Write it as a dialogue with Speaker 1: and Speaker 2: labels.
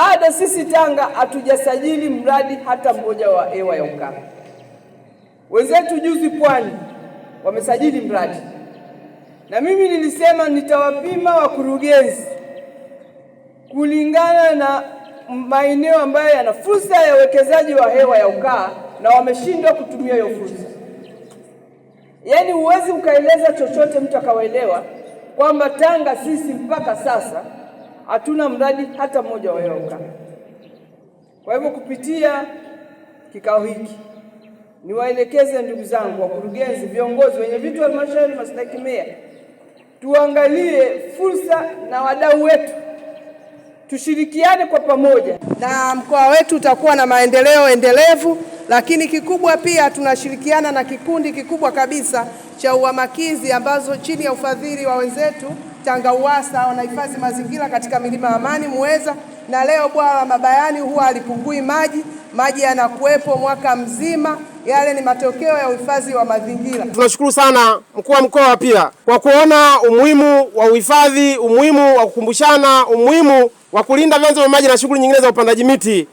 Speaker 1: Bado sisi Tanga hatujasajili mradi hata mmoja wa hewa ya ukame. Wenzetu juzi Pwani wamesajili mradi, na mimi nilisema nitawapima wakurugenzi kulingana na maeneo ambayo yana fursa ya uwekezaji wa hewa ya ukaa, na wameshindwa kutumia hiyo fursa. Yaani huwezi ukaeleza chochote mtu akawaelewa kwamba Tanga sisi mpaka sasa hatuna mradi hata mmoja wa yoga. Kwa hivyo kupitia kikao hiki niwaelekeze ndugu zangu wakurugenzi, viongozi, wenye vitu halmashauri, mastahiki meya, tuangalie fursa na wadau wetu, tushirikiane kwa pamoja,
Speaker 2: na mkoa wetu utakuwa na maendeleo endelevu. Lakini kikubwa pia tunashirikiana na kikundi kikubwa kabisa cha uhamakizi ambazo chini ya ufadhili wa wenzetu TANGAUWASA wanahifadhi mazingira katika milima ya Amani Muweza, na leo bwawa la Mabayani huwa halipungui maji, maji yanakuwepo mwaka mzima. Yale ni matokeo ya uhifadhi wa mazingira.
Speaker 3: Tunashukuru sana mkuu wa mkoa pia kwa kuona umuhimu wa uhifadhi, umuhimu wa kukumbushana, umuhimu wa kulinda vyanzo vya maji na shughuli nyingine za upandaji miti.